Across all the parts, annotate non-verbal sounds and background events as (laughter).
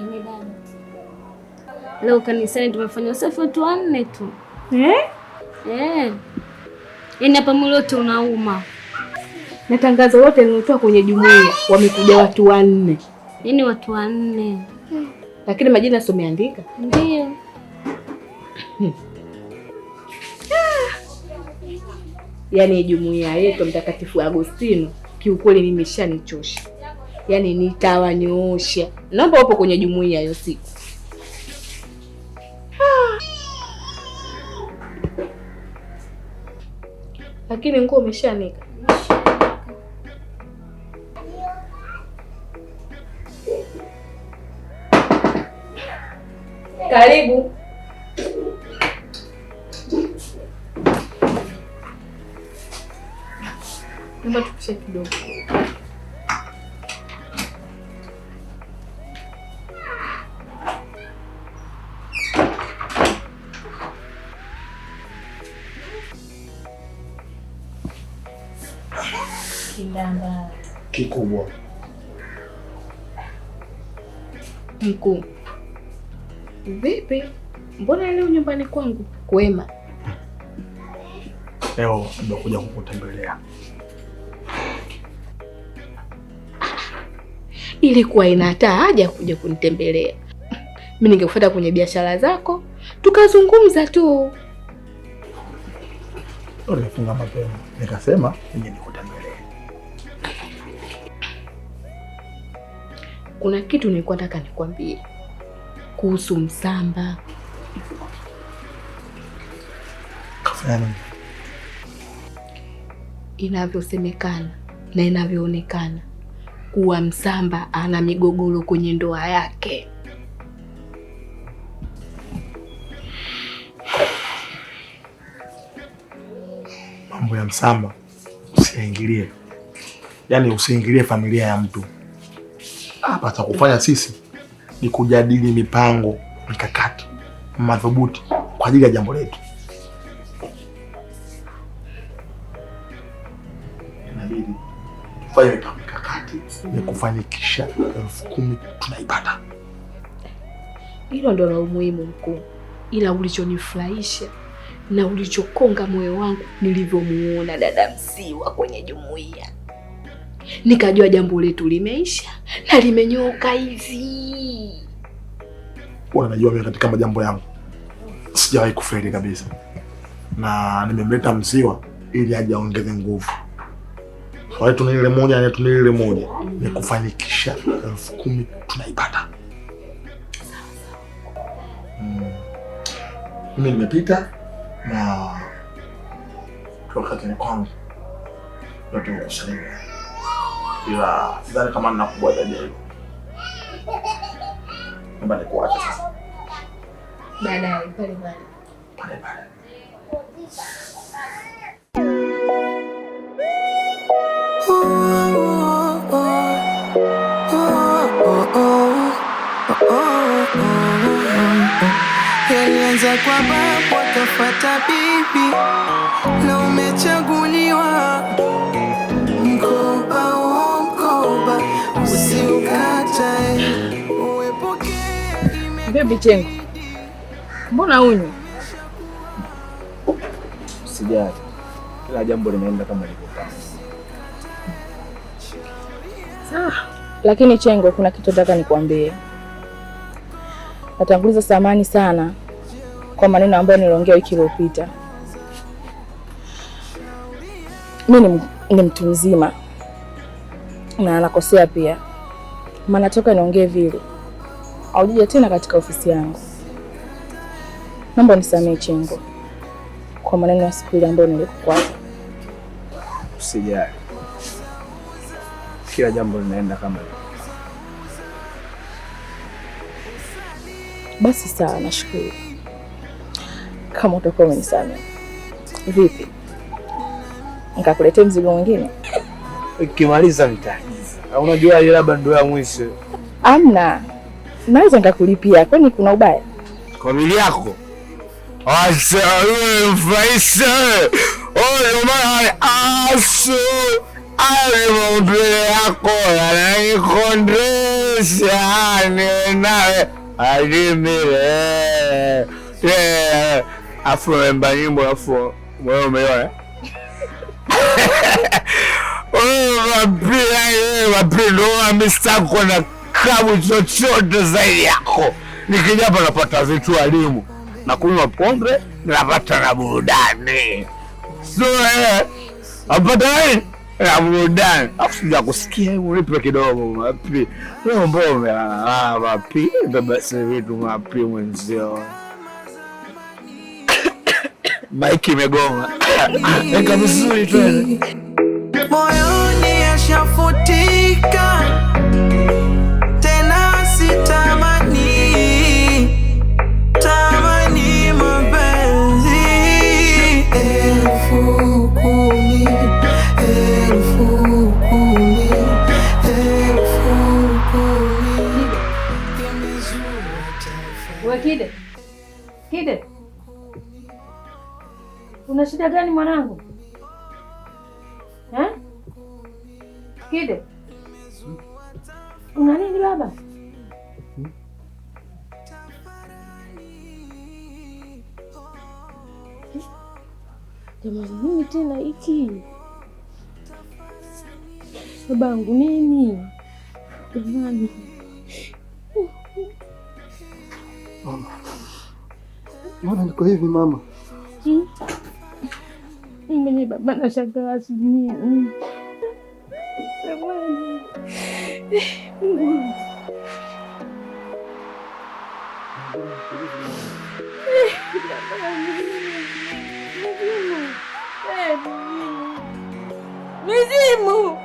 Ene dada, leo kanisani tumefanya usafi watu wanne tu eh? Eh. Yaani hapa mwili wote unauma, Natangaza wote lote kwenye jumuiya wamekuja watu wanne, yaani watu wanne Lakini majina sio umeandika? Ndio. Yaani jumuiya yetu Mtakatifu Agostino kiukweli mimi shanichosha yani nitawanyoosha. Naomba upo kwenye jumuiya hiyo siku. Ah. Lakini nguo umeshanika Karibu. Naomba tupishe kidogo. Mkuu, vipi? Mbona leo nyumbani kwangu? Kwema. Leo nimekuja kukutembelea. Ilikuwa ina hata haja kuja kunitembelea? Mimi ningekufuata kwenye biashara zako tukazungumza tu. Nilifunga mapema nikasema nije nikutembelea. kuna kitu nilikuwa nataka nikwambie kuhusu Msamba. Sana. Yaani? Inavyosemekana na inavyoonekana kuwa Msamba ana migogoro kwenye ndoa yake. Mambo ya Msamba usiingilie, yaani usiingilie familia ya mtu. Hapa cha kufanya sisi ni kujadili mipango mikakati madhubuti kwa ajili ya jambo letu. Inabidi tufanye mipango mikakati ya kufanikisha elfu kumi tunaipata. Hilo ndo la umuhimu mkuu, ila ulichonifurahisha na ulichokonga moyo wangu nilivyomuona dada Msiwa kwenye jumuiya nikajua jambo letu limeisha na limenyoka hivi. Bwana, najua mimi katika majambo yangu sijawahi kufeli kabisa, na nimemleta mziwa ili aje aongeze nguvu. Swali tuna ile moja na tuna ile moja ni kufanikisha elfu kumi tunaipata. Hmm. Mimi mm, nimepita na wakati ni kwangu ndio tunakusalimia ila sidhani kama nina kubwa zaidi ya Naomba nikuache sasa. Baadaye pale pale. Pale pale. Yalianza kwa babu akafuata bibi, na umechagua Bebi Chengo, mbona unywi? Sijali, kila jambo linaenda kama lilivyopangwa. Sawa, ah, lakini Chengo, kuna kitu nataka nikuambie Natanguliza samani sana kwa maneno ambayo niliongea wiki iliyopita. mi ni mtu mzima na anakosea pia, maana toka niongee vile haujaja tena katika ofisi yangu. Naomba unisamehe Chengo kwa maneno ya siku ile ambayo nilikukwaza. Usijali, kila jambo linaenda kama hivyo. Basi sawa, nashukuru kama utakuwa umenisamehe. Vipi, nikakuletea mzigo mwingine? Ukimaliza nitaagiza. Unajua, labda ndio ya mwisho. Amna naweza nikakulipia, kwani kuna ubaya? Kwa mili yako Asa mfaisa ale maumbile yako yananikondesha ninawe hadi milele. Afu naimba nyimbo afu wewe umeona mapindo mistako na klabu chochote zaidi yako. Nikija hapa napata vitu alimu na kunywa pombe, napata na burudani, so, eh, napata na burudani, afu sija kusikia hivi, nipe kidogo mapi leo, mbona umelala mapi baba? Sasa vitu mapi mwenzio (coughs) maiki imegoma (coughs) eka vizuri tu Una shida gani mwanangu eh? Kide, una nini baba? Jamani, nini tena hiki babangu? Nini jamani? Mama, mbona niko hivi mama? Hmm? mwenye baba na shangaa, sijui mizimu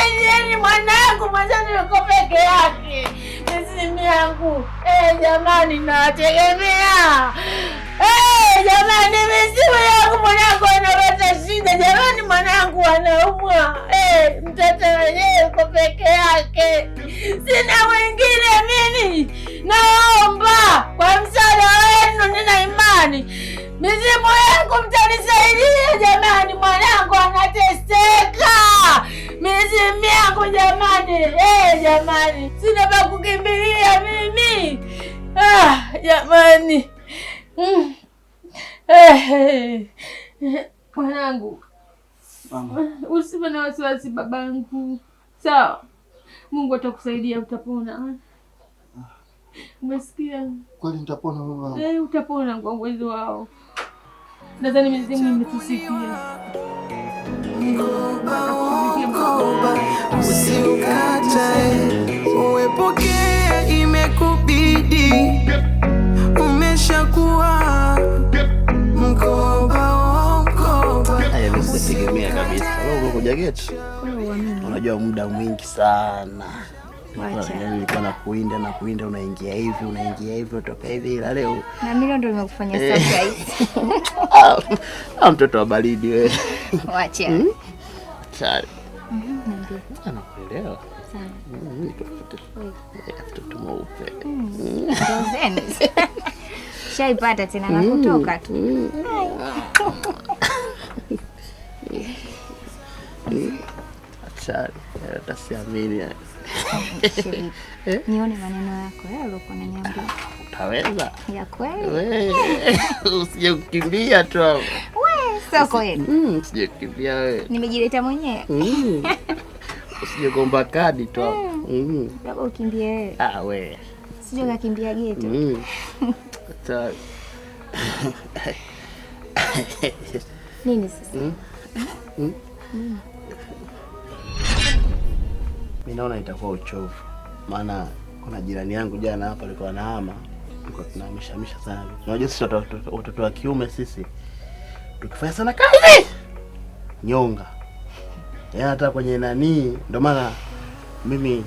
Msaidieni mwanangu, mwenzenu yuko peke yake, simu yangu. Hey, eh, jamani, nawategemea. Hey, eh, jamani, simu yangu, mwanangu anapata shida. Jamani, mwanangu anaumwa. Hey, eh, mtoto wenyewe yuko peke yake, sina mwingine mimi. Naomba kwa msaada wenu, nina imani mizimu yangu mtanisaidia. Jamani, mwanangu anateseka miezi miangu jamani, hey, eh, jamani sina pa kukimbilia mimi ah, jamani mm. hey, eh, eh. hey. Mwanangu usiwe na wasiwasi babangu, sawa? Mungu atakusaidia, utapona. Umesikia? Kweli nitapona baba. Eh, utapona kwa uwezo wao. Nadhani mizimu imetusikia mkoba, usiukatae, uwepokea. Imekubidi, umeshakuwa mkoba wa mkoba, unajua muda mwingi sana yaani nilikuwa na kuinda na kuinda, unaingia hivi unaingia hivi utoka hivi, ila leo na mimi ndio nimekufanya eh. surprise. (laughs) Ah, ah, mtoto wa baridi wewe, wacha. Hmm? Anakuelewa mtoto mweupe hmm. (laughs) shaipata tena na hmm. kutoka tu. Hmm. Atasiamini eh? nione maneno yako eh, yalokuwa naniambia. Utaweza ya kweli, (laughs) usije kukimbia tu soko yetu, usije kukimbia wewe, nimejiletea mwenyewe. (laughs) usije kuomba kadi tu. Mm. Labda ukimbie wewe. Ah, we Sije ukakimbia geto. Mm. Mm-hmm. Sasa. (laughs) Nini sasa? Mm-hmm. Mm. Mm. Mimi naona itakuwa uchovu. Maana kuna jirani yangu jana hapa alikuwa anahama. Tulikuwa tunamshamisha sana. Unajua sisi watoto wa kiume sisi tukifanya sana kazi nyonga ya eh, hata kwenye nani. Ndio maana mimi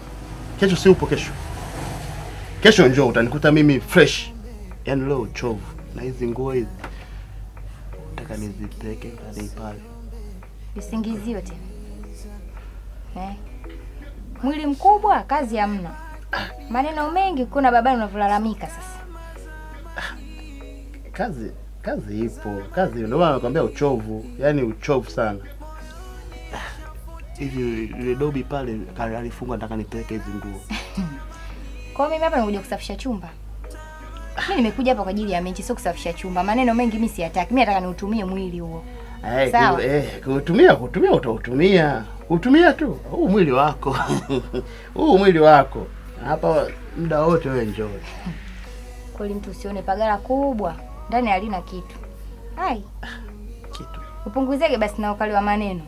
kesho si upo, kesho kesho njoo utanikuta mimi fresh. yani leo uchovu na hizi nguo hizi nataka nizipeke ndani pale, visingizio tena eh. Mwili mkubwa kazi hamna, maneno mengi kuna babani unavyolalamika sasa. Kazi kazi ipo, kazi ndio maana nakwambia uchovu, yani uchovu sana hivi ile dobi pale alifungwa, nataka nipeleke hizi nguo. (laughs) Kwa mimi hapa nimekuja kusafisha chumba. Mimi nimekuja hapa kwa ajili ya mechi, sio kusafisha chumba. Maneno mengi mimi siyataki. Mimi nataka niutumie mwili huo. Hey, eh, eh, kutumia kutumia utautumia. Utumia tu. Huu mwili wako. (laughs) Huu mwili wako. Hapa muda wote wewe njoo. (laughs) Kweli mtu usione pagara kubwa. Ndani halina kitu. Hai. Kitu. Upunguzege basi na ukali wa maneno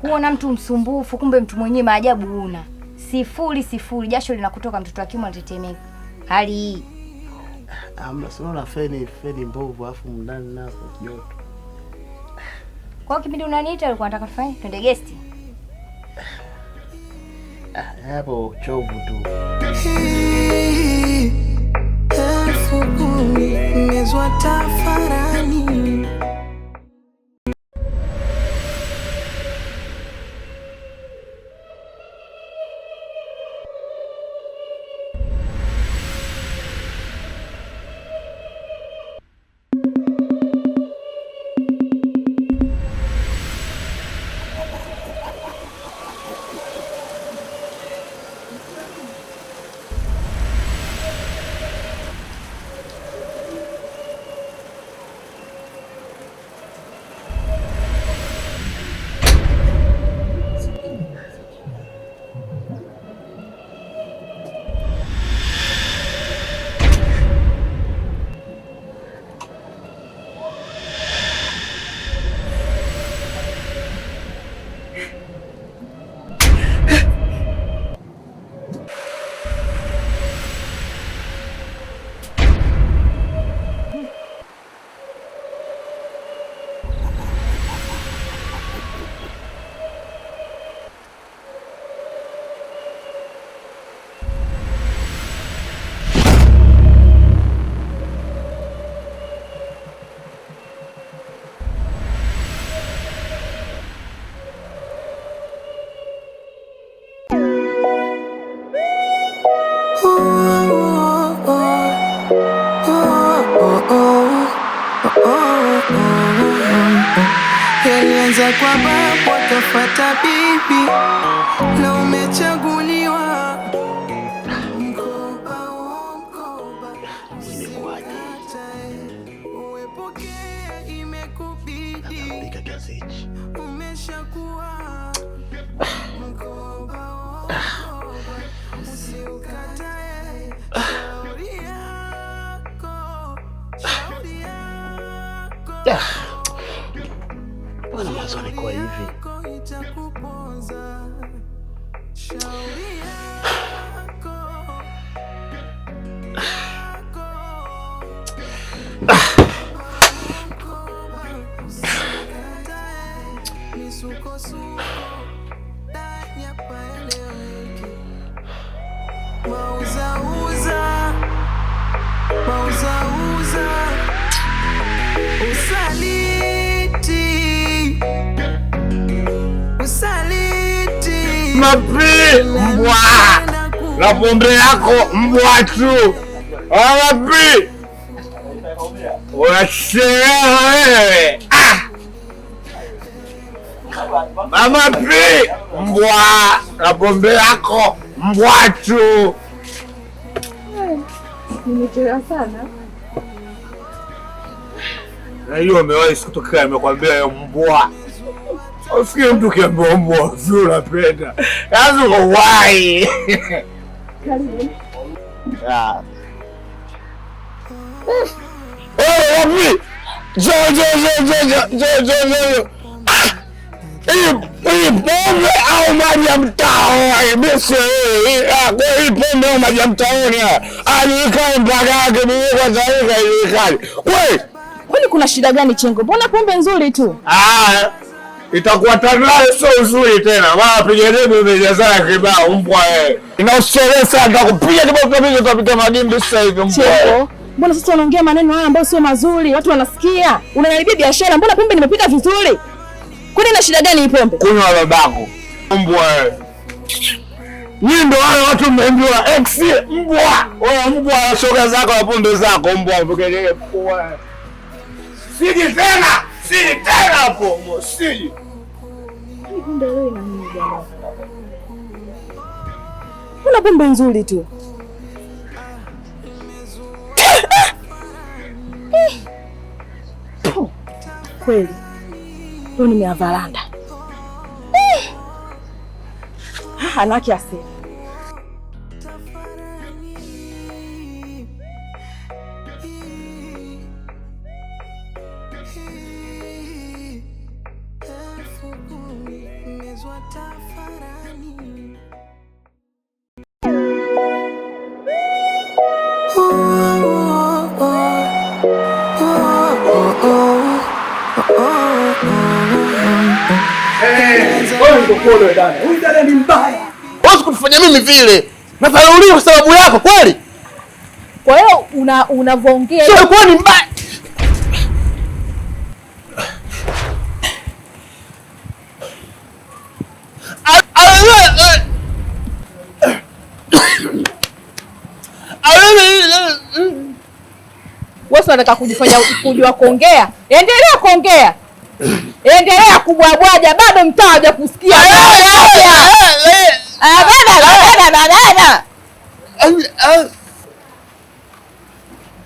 kuona mtu msumbufu, kumbe mtu mwenyewe maajabu una Sifuri sifuri, jasho linakutoka, mtoto wa kiume anatetemeka. Hali hii amna, ah, sio na feni, feni mbovu afu ndani nako joto. Kwa kipindi unaniita ulikuwa unataka tufanye twende guest? Ah, hapo chovu tu. Nimezwa tafarani imekubidi, umeshakuwa mkoba, usiukatae shauri yako, shauri yako, ah. shauri yako itakuponza Mapi mbwa na pombe yako mbwa tu wapi, unachelewa wewe. Mama P, mbwa na pombe yako tu. Nimechelewa sana. Na hiyo umewahi siku tokea amekwambia hiyo mbwa. Usikie mtu kiambia mbwa sio unapenda. Yaani uko wai. Karibu. (laughs) Ah. Eh, wapi? Jo jo jo jo jo jo jo. Ipombe au maji ya mtao ipombe au maji ya mtaoni alikali mpaka kazalika ilikali kweli kweli. Kuna shida gani Chengo? Mbona pombe nzuri tu ah, itakuwa tanalo ah, sio uzuri tena, wala piga debe imejazana kibao mbwa wewe. Eh. Inaosolesa nitakupiga kibao kabisa utapita madimbi sasa hivi mbwa. Cheko, mbona sasa unaongea maneno haya ambayo sio mazuri, watu wanasikia. Unaniharibia biashara. Mbona pombe nimepika vizuri? Kwani na shida gani ipombe? Kunywa babangu. Mbwa. Nyinyi ndio wale watu mmeambiwa ex eh, mbwa. Wewe oh, mbwa wa shoga zako na pondo zako mbwa mpokelee kwa. Siji tena. Siji tena hapo. Siji. Kuna pombe nzuri tu. (coughs) Eh, eh. Kweli ni nimeavaranda eh! anaki asili Dada huwezi mimi vile. Nadharauliwa kwa sababu yako kweli. Kwa hiyo unavyoongea sio ni mbaya. Wewe unataka kujifanya kujua kuongea, endelea kuongea endelea kubwabwaja, bado mtaa hajakusikia badana.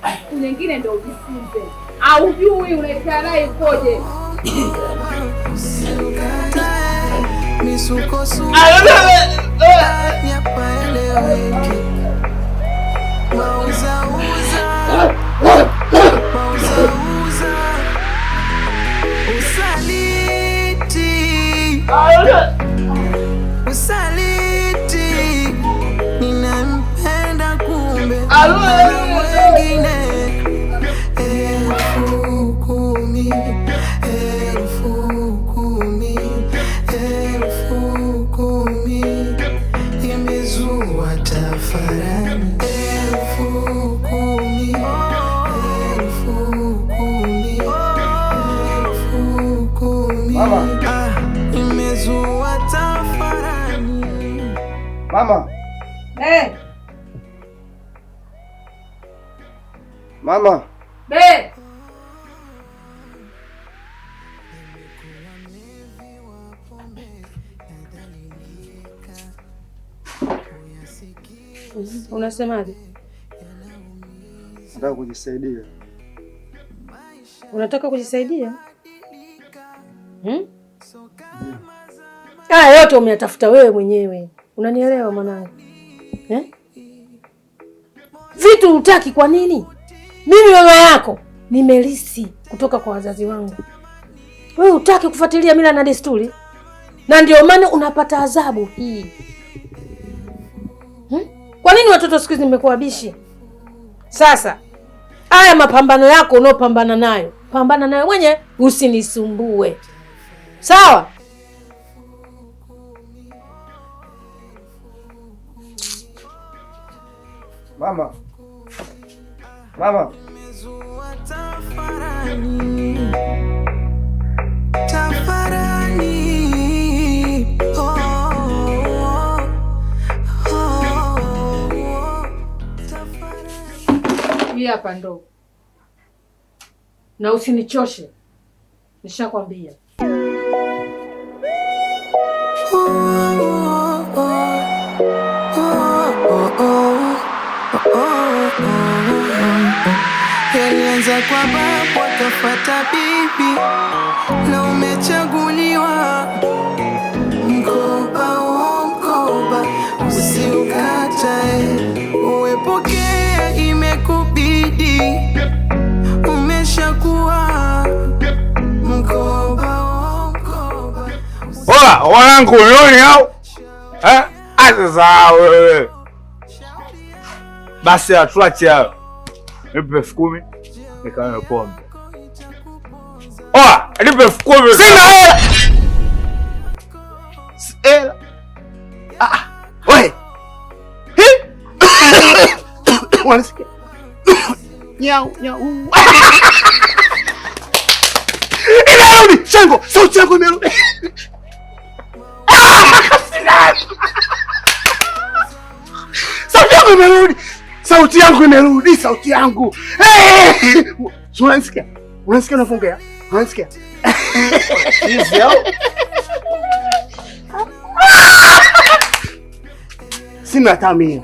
Ah, Nyingine ujifunze, aujui unaikana usaliti ninampenda kumbe Mama. Be. Unasemaje? Nataka kujisaidia. Unataka kujisaidia? Hmm? Hmm. Haya yote umeyatafuta wewe mwenyewe, unanielewa mwanangu eh? Vitu hutaki kwa nini? Mimi mama yako nimelisi kutoka kwa wazazi wangu. Wewe utaki kufuatilia mila na desturi, na ndio maana unapata adhabu hii hmm? Kwa nini watoto siku hizi nimekuwa bishi? Sasa haya mapambano yako unaopambana nayo, pambana nayo mwenye, usinisumbue sawa? Mama. Baba oh, oh, oh. hapa ndo, na usinichoshe, nishakwambia. Kwanza kwa baba kafuata bibi, na umechaguliwa mkoba o mkoba, usiukatae uwepokea, imekubidi umeshakuwa mkoba o mkoba. Ola wanangu nioni au eh? Sasa wewe basi, atulachi hayo nipe elfu kumi nikanywa pombe. Oh, nipe fukume. Sina hela. Eh, hela. Ah, wewe. Ah. Wanasikia? Nyau, nyau. Imerudi, eh, Shango, sauti yako imerudi. Ah, (laughs) sina. Sauti yako imerudi sauti yangu imerudi, sauti yangu. Hey! Unanisikia? Unanisikia unaongea? Unanisikia? Sina hata mimi.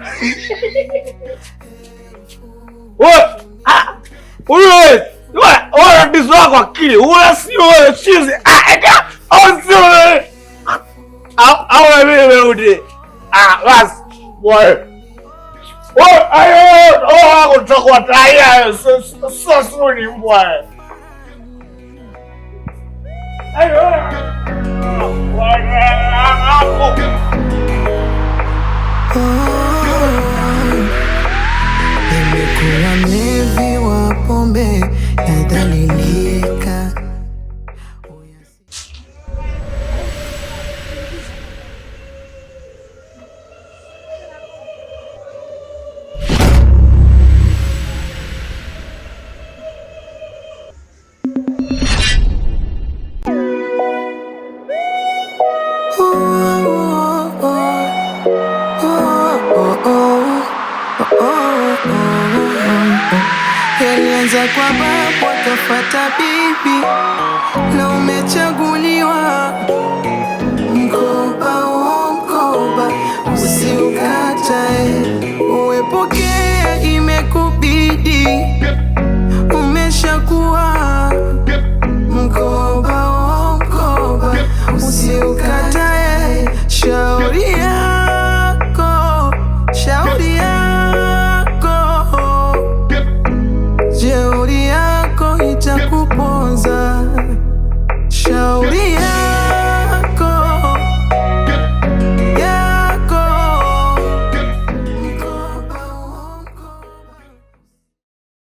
Wewe, ah, Tutakuwatahia sio suni mbwa. baby.